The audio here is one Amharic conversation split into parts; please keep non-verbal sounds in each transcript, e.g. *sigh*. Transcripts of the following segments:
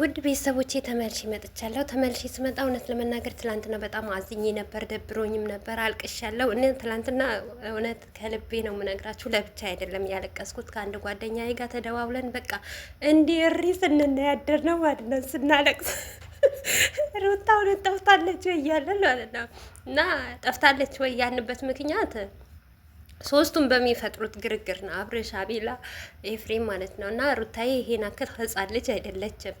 ውድ ቤተሰቦቼ ተመልሼ መጥቻለሁ። ተመልሼ ስመጣ እውነት ለመናገር ትላንትና በጣም አዝኜ ነበር፣ ደብሮኝም ነበር፣ አልቅሻለሁ እ ትላንትና እውነት ከልቤ ነው የምነግራችሁ። ለብቻ አይደለም ያለቀስኩት ከአንድ ጓደኛዬ ጋር ተደዋውለን በቃ እንዲህ እሪ ስንናያደር ነው ማለት ስናለቅስ ሩታ እውነት ጠፍታለች ወይ እያለን ማለት ነው እና ጠፍታለች ወይ ያንበት ምክንያት ሶስቱም በሚፈጥሩት ግርግር ነው። አብርሽ፣ አቤላ፣ ኤፍሬም ማለት ነው። እና ሩታዬ ይሄን አክል ህጻን ልጅ አይደለችም።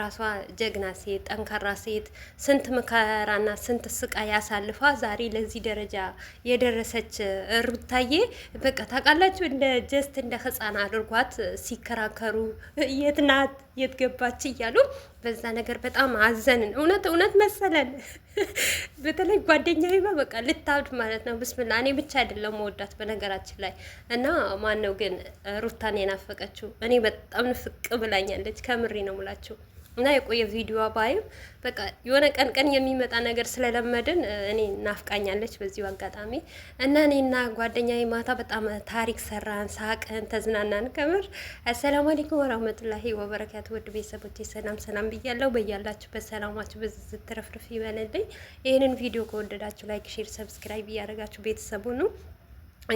ራሷ ጀግና ሴት፣ ጠንካራ ሴት ስንት መከራና ስንት ስቃይ ያሳልፏ ዛሬ ለዚህ ደረጃ የደረሰች ሩታዬ በቃ ታውቃላችሁ፣ እንደ ጀስት እንደ ህጻን አድርጓት ሲከራከሩ የት ናት የት ገባች እያሉ በዛ ነገር በጣም አዘንን። እውነት እውነት መሰለን። *laughs* በተለይ ጓደኛ ባ በቃ ልታብድ ማለት ነው። ብስምላ እኔ ብቻ አይደለም መወዳት በነገራችን ላይ እና ማን ነው ግን ሩታን የናፈቀችው? እኔ በጣም ንፍቅ ብላኛለች። ከምሬ ነው ሙላችሁ እና የቆየ ቪዲዮ ባይም በቃ የሆነ ቀን ቀን የሚመጣ ነገር ስለለመድን እኔ ናፍቃኛለች። በዚሁ አጋጣሚ እና እኔና ጓደኛዬ ማታ በጣም ታሪክ ሰራን፣ ሳቅን፣ ተዝናናን። ከምር አሰላሙ አለይኩም ወራህመቱላሂ ወበረካቱ። ውድ ቤተሰቦች ሰላም ሰላም ብያለሁ። በያላችሁበት ሰላማችሁ ብዙ ዝትረፍርፍ ይበልልኝ። ይህንን ቪዲዮ ከወደዳችሁ ላይክ፣ ሼር፣ ሰብስክራይብ እያደረጋችሁ ቤተሰቡ ነው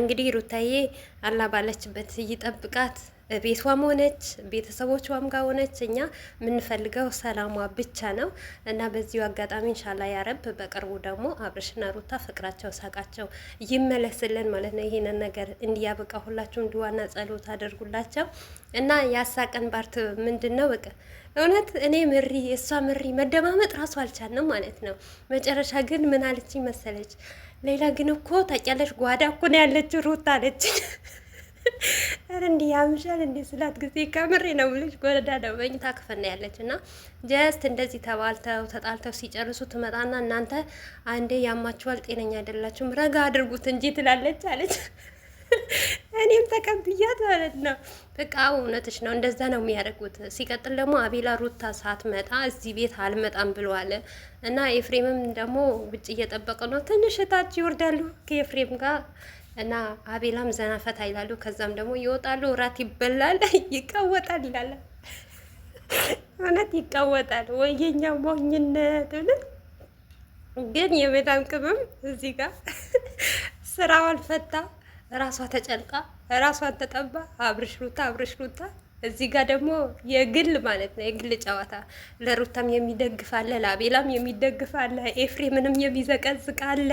እንግዲህ ሩታዬ አላ ባለችበት ይጠብቃት። ቤቷም ሆነች ቤተሰቦቿም ጋር ሆነች እኛ የምንፈልገው ሰላሟ ብቻ ነው እና በዚሁ አጋጣሚ እንሻላ ያረብ በቅርቡ ደግሞ አብርሽና ሩታ ፍቅራቸው ሳቃቸው ይመለስልን ማለት ነው። ይሄንን ነገር እንዲያበቃ ሁላችሁ እንዲዋና ጸሎት አድርጉላቸው እና ያሳቀን ባርት ምንድን ነው በቃ እውነት እኔ ምሪ እሷ ምሪ መደማመጥ ራሱ አልቻልንም ማለት ነው። መጨረሻ ግን ምን አለችኝ መሰለች ሌላ ግን እኮ ታውቂያለሽ ጓዳ እኮ ነው ያለችው ሩታ አለችኝ። *laughs* ኧረ እንዲህ ያምሻል እንዴ ስላት ጊዜ ከምሬ ነው የምልሽ፣ ጎረዳ ነው መኝታ ክፍል ነው ያለች እና ጀስት እንደዚህ ተባልተው ተጣልተው ሲጨርሱ ትመጣና እናንተ አንዴ ያማችኋል፣ ጤነኛ አይደላችሁም፣ ረጋ አድርጉት እንጂ ትላለች አለች። *laughs* እኔም ተቀብያት ማለት ነው። በቃ እውነትሽ ነው፣ እንደዛ ነው የሚያደርጉት። ሲቀጥል ደግሞ አቤላ ሩታ ሳትመጣ እዚህ ቤት አልመጣም ብለዋል እና ኤፍሬምም ደግሞ ውጭ እየጠበቀ ነው። ትንሽ እታች ይወርዳሉ ከኤፍሬም ጋር እና አቤላም ዘና ፈታ ይላሉ። ከዛም ደግሞ ይወጣሉ፣ እራት ይበላል፣ *laughs* ይቀወጣል ይላል። እውነት ይቀወጣል ወይ የኛ ሞኝነት? እውነት ግን የሜዳም ቅመም እዚህ ጋር *laughs* ስራዋን ፈታ፣ ራሷ ተጨልቃ ራሷን ተጠባ፣ አብርሽ ሩታ፣ አብርሽ ሩታ እዚህ ጋር ደግሞ የግል ማለት ነው የግል ጨዋታ ለሩታም የሚደግፍ አለ፣ ለአቤላም የሚደግፍ አለ፣ ኤፍሬምንም የሚዘቀዝቅ አለ።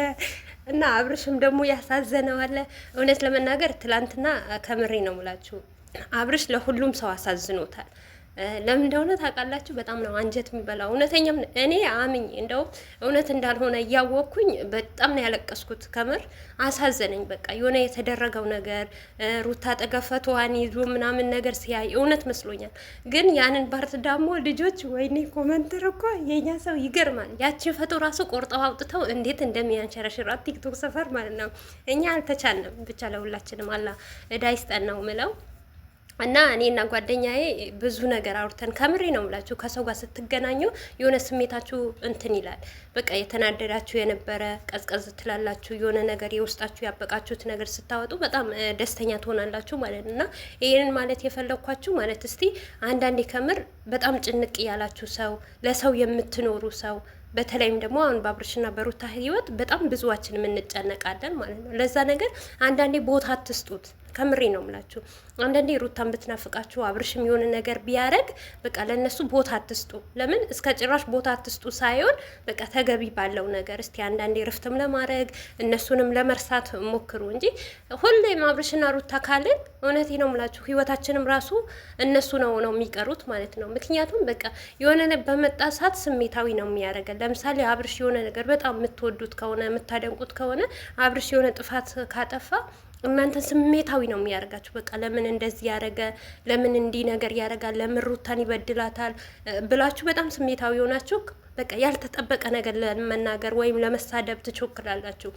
እና አብርሽም ደግሞ ያሳዘነዋለ። እውነት ለመናገር ትላንትና ከምሬ ነው ሙላችሁ አብርሽ ለሁሉም ሰው አሳዝኖታል። ለምን እንደሆነ ታውቃላችሁ? በጣም ነው አንጀት የሚበላው። እውነተኛም እኔ አምኝ እንደው እውነት እንዳልሆነ እያወቅኩኝ በጣም ነው ያለቀስኩት። ከምር አሳዘነኝ። በቃ የሆነ የተደረገው ነገር ሩታ ጠገፈቷን ይዞ ምናምን ነገር ሲያይ እውነት መስሎኛል። ግን ያንን ባርት ደግሞ ልጆች ወይኔ ኮመንተር እኮ የኛ ሰው ይገርማል። ያችን ፈቶ ራሱ ቆርጠው አውጥተው እንዴት እንደሚያንሸረሽራት ቲክቶክ ሰፈር ማለት ነው። እኛ አልተቻልንም። ብቻ ለሁላችንም አላ እዳ ይስጠን ነው ምለው እና እኔና ጓደኛዬ ብዙ ነገር አውርተን ከምሬ ነው የምላችሁ። ከሰው ጋር ስትገናኙ የሆነ ስሜታችሁ እንትን ይላል። በቃ የተናደዳችሁ የነበረ ቀዝቀዝ ትላላችሁ። የሆነ ነገር የውስጣችሁ ያበቃችሁት ነገር ስታወጡ በጣም ደስተኛ ትሆናላችሁ ማለት ነው። እና ይህንን ማለት የፈለግኳችሁ ማለት እስቲ አንዳንዴ ከምር በጣም ጭንቅ ያላችሁ ሰው፣ ለሰው የምትኖሩ ሰው በተለይም ደግሞ አሁን በአብርሽና በሩታ ህይወት በጣም ብዙዋችን የምንጨነቃለን ማለት ነው። ለዛ ነገር አንዳንዴ ቦታ አትስጡት። ከምሬ ነው ምላችሁ። አንዳንዴ ሩታን ብትናፍቃችሁ አብርሽም የሆነ ነገር ቢያደረግ በቃ ለእነሱ ቦታ አትስጡ። ለምን እስከ ጭራሽ ቦታ አትስጡ ሳይሆን በቃ ተገቢ ባለው ነገር እስቲ አንዳንዴ ርፍትም ለማድረግ እነሱንም ለመርሳት ሞክሩ እንጂ ሁሌም አብርሽና ሩታ ካልን እውነቴ ነው ምላችሁ ህይወታችንም ራሱ እነሱ ነው ነው የሚቀሩት ማለት ነው። ምክንያቱም በቃ የሆነ በመጣ ሰዓት ስሜታዊ ነው የሚያደርገን። ለምሳሌ አብርሽ የሆነ ነገር በጣም የምትወዱት ከሆነ የምታደንቁት ከሆነ አብርሽ የሆነ ጥፋት ካጠፋ እናንተ ስሜታዊ ነው የሚያደርጋችሁ። በቃ ለምን እንደዚህ ያደረገ፣ ለምን እንዲህ ነገር ያደርጋል፣ ለምን ሩታን ይበድላታል ብላችሁ በጣም ስሜታዊ ሆናችሁ በቃ ያልተጠበቀ ነገር ለመናገር ወይም ለመሳደብ ትቾክላላችሁ።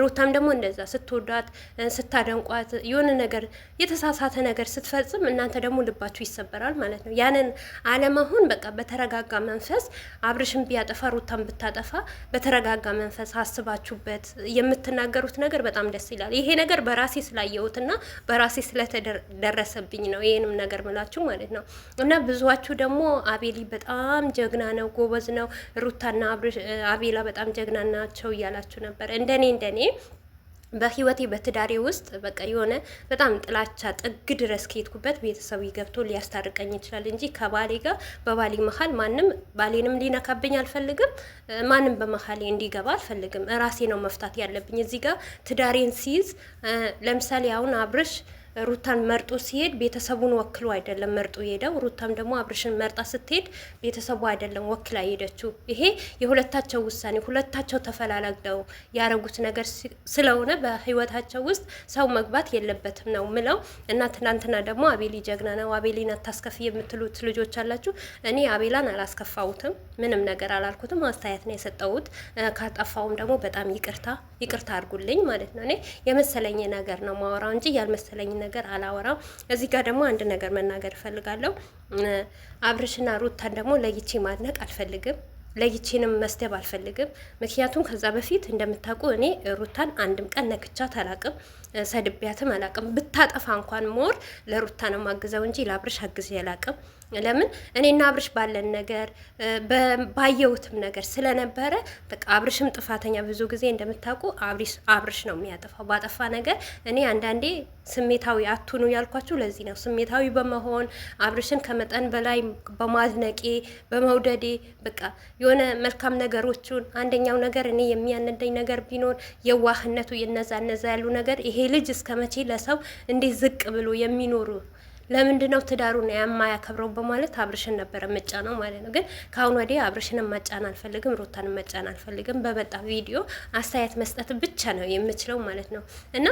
ሩታም ደግሞ እንደዛ ስትወዳት ስታደንቋት የሆነ ነገር የተሳሳተ ነገር ስትፈጽም እናንተ ደግሞ ልባችሁ ይሰበራል ማለት ነው። ያንን አለመሆን በቃ በተረጋጋ መንፈስ አብርሽን ቢያጠፋ ሩታን ብታጠፋ በተረጋጋ መንፈስ አስባችሁበት የምትናገሩት ነገር በጣም ደስ ይላል። ይሄ ነገር በራ በራሴ ስላየሁትና በራሴ ስለተደረሰብኝ ነው ይህንም ነገር ምላችሁ ማለት ነው። እና ብዙዋችሁ ደግሞ አቤሊ በጣም ጀግና ነው፣ ጎበዝ ነው፣ ሩታና አቤላ በጣም ጀግና ናቸው እያላችሁ ነበር እንደኔ እንደኔ በህይወቴ በትዳሬ ውስጥ በቃ የሆነ በጣም ጥላቻ ጥግ ድረስ ከሄድኩበት ቤተሰቡ ገብቶ ሊያስታርቀኝ ይችላል እንጂ ከባሌ ጋር በባሌ መሀል ማንም ባሌንም ሊነካብኝ አልፈልግም። ማንም በመሀሌ እንዲገባ አልፈልግም። ራሴ ነው መፍታት ያለብኝ። እዚህ ጋር ትዳሬን ሲይዝ ለምሳሌ አሁን አብርሽ ሩታን መርጦ ሲሄድ ቤተሰቡን ወክሎ አይደለም መርጦ የሄደው። ሩታም ደግሞ አብርሽን መርጣ ስትሄድ ቤተሰቡ አይደለም ወክላ ሄደችው። ይሄ የሁለታቸው ውሳኔ ሁለታቸው ተፈላለግደው ያረጉት ነገር ስለሆነ በህይወታቸው ውስጥ ሰው መግባት የለበትም ነው ምለው እና ትናንትና ደግሞ አቤሊ ጀግና ነው፣ አቤሊን አታስከፊ የምትሉት ልጆች አላችሁ። እኔ አቤላን አላስከፋውትም፣ ምንም ነገር አላልኩትም፣ አስተያየት ነው የሰጠሁት። ካጠፋውም ደግሞ በጣም ይቅርታ ይቅርታ አድርጉልኝ ማለት ነው። እኔ የመሰለኝ ነገር ነው ማወራው እንጂ ያልመሰለኝ ነገር አላወራም። እዚህ ጋር ደግሞ አንድ ነገር መናገር እፈልጋለሁ። አብርሽና ሩታን ደግሞ ለይቼ ማድነቅ አልፈልግም። ለይቼንም መስደብ አልፈልግም። ምክንያቱም ከዛ በፊት እንደምታውቁ እኔ ሩታን አንድም ቀን ነክቻት አላቅም፣ ሰድቢያትም አላቅም። ብታጠፋ እንኳን ሞር ለሩታ ነው ማግዘው እንጂ ለአብርሽ አግዜ አላቅም። ለምን እኔና አብርሽ ባለን ነገር ባየሁትም ነገር ስለነበረ በቃ አብርሽም ጥፋተኛ ብዙ ጊዜ እንደምታውቁ አብርሽ ነው የሚያጠፋው። ባጠፋ ነገር እኔ አንዳንዴ ስሜታዊ አቱኑ ያልኳችሁ ለዚህ ነው። ስሜታዊ በመሆን አብርሽን ከመጠን በላይ በማዝነቄ በመውደዴ በቃ የሆነ መልካም ነገሮቹን አንደኛው ነገር እኔ የሚያነደኝ ነገር ቢኖር የዋህነቱ የነዛ እነዛ ያሉ ነገር ይሄ ልጅ እስከ መቼ ለሰው እንዴት ዝቅ ብሎ የሚኖሩ ለምንድን ነው ትዳሩን የማያከብረው በማለት አብርሽን ነበረ ነው ማለት ነው። ግን ከአሁን ወዲህ አብርሽን መጫን አልፈልግም፣ ሩታን መጫን አልፈልግም። በመጣ ቪዲዮ አስተያየት መስጠት ብቻ ነው የምችለው ማለት ነው እና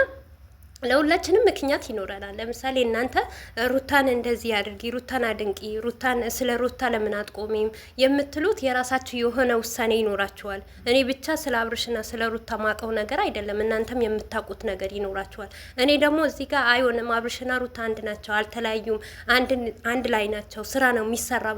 ለሁላችንም ምክንያት ይኖረናል። ለምሳሌ እናንተ ሩታን እንደዚህ አድርጊ፣ ሩታን አድንቂ፣ ሩታን ስለ ሩታ ለምን አትቆሚም የምትሉት የራሳችሁ የሆነ ውሳኔ ይኖራችኋል። እኔ ብቻ ስለ አብርሽና ስለ ሩታ ማቀው ነገር አይደለም፣ እናንተም የምታውቁት ነገር ይኖራችኋል። እኔ ደግሞ እዚህ ጋር አይሆንም፣ አብርሽና ሩታ አንድ ናቸው፣ አልተለያዩም፣ አንድ ላይ ናቸው፣ ስራ ነው የሚሰራው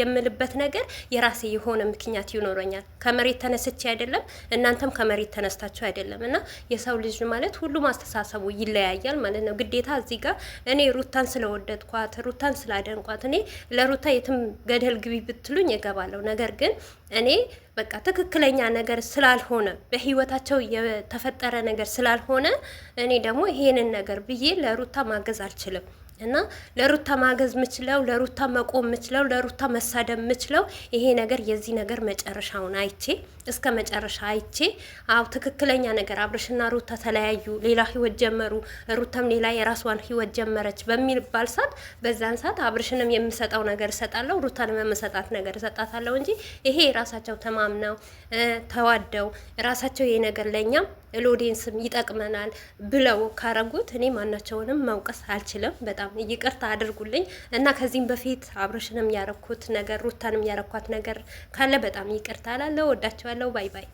የምልበት ነገር የራሴ የሆነ ምክንያት ይኖረኛል። ከመሬት ተነስቼ አይደለም፣ እናንተም ከመሬት ተነስታችሁ አይደለም እና የሰው ልጅ ማለት ሁሉም አስተሳሰቡ ይለያያል ማለት ነው። ግዴታ እዚህ ጋር እኔ ሩታን ስለወደድኳት ሩታን ስላደንኳት እኔ ለሩታ የትም ገደል ግቢ ብትሉኝ እገባለሁ። ነገር ግን እኔ በቃ ትክክለኛ ነገር ስላልሆነ በህይወታቸው የተፈጠረ ነገር ስላልሆነ እኔ ደግሞ ይሄንን ነገር ብዬ ለሩታ ማገዝ አልችልም። እና ለሩታ ማገዝ ምችለው ለሩታ መቆም ምችለው ለሩታ መሳደብ ምችለው ይሄ ነገር የዚህ ነገር መጨረሻውን አይቼ እስከ መጨረሻ አይቼ አው ትክክለኛ ነገር አብርሽና ሩታ ተለያዩ፣ ሌላ ህይወት ጀመሩ፣ ሩታም ሌላ የራሷን ህይወት ጀመረች በሚልባል ሰዓት በዛን ሰዓት አብርሽንም የምሰጠው ነገር እሰጣለሁ፣ ሩታንም የምሰጣት ነገር እሰጣታለሁ እንጂ ይሄ የራሳቸው ተማምነው ተዋደው ራሳቸው ይሄ ነገር ለእኛም ሎዴንስም ይጠቅመናል ብለው ካረጉት እኔ ማናቸውንም መውቀስ አልችልም። በጣም ይቅርታ አድርጉልኝ እና ከዚህም በፊት አብረሽንም ያረኩት ነገር ሩታንም ያረኳት ነገር ካለ በጣም ይቅርታ አላለሁ። ወዳቸዋለሁ። ባይ ባይ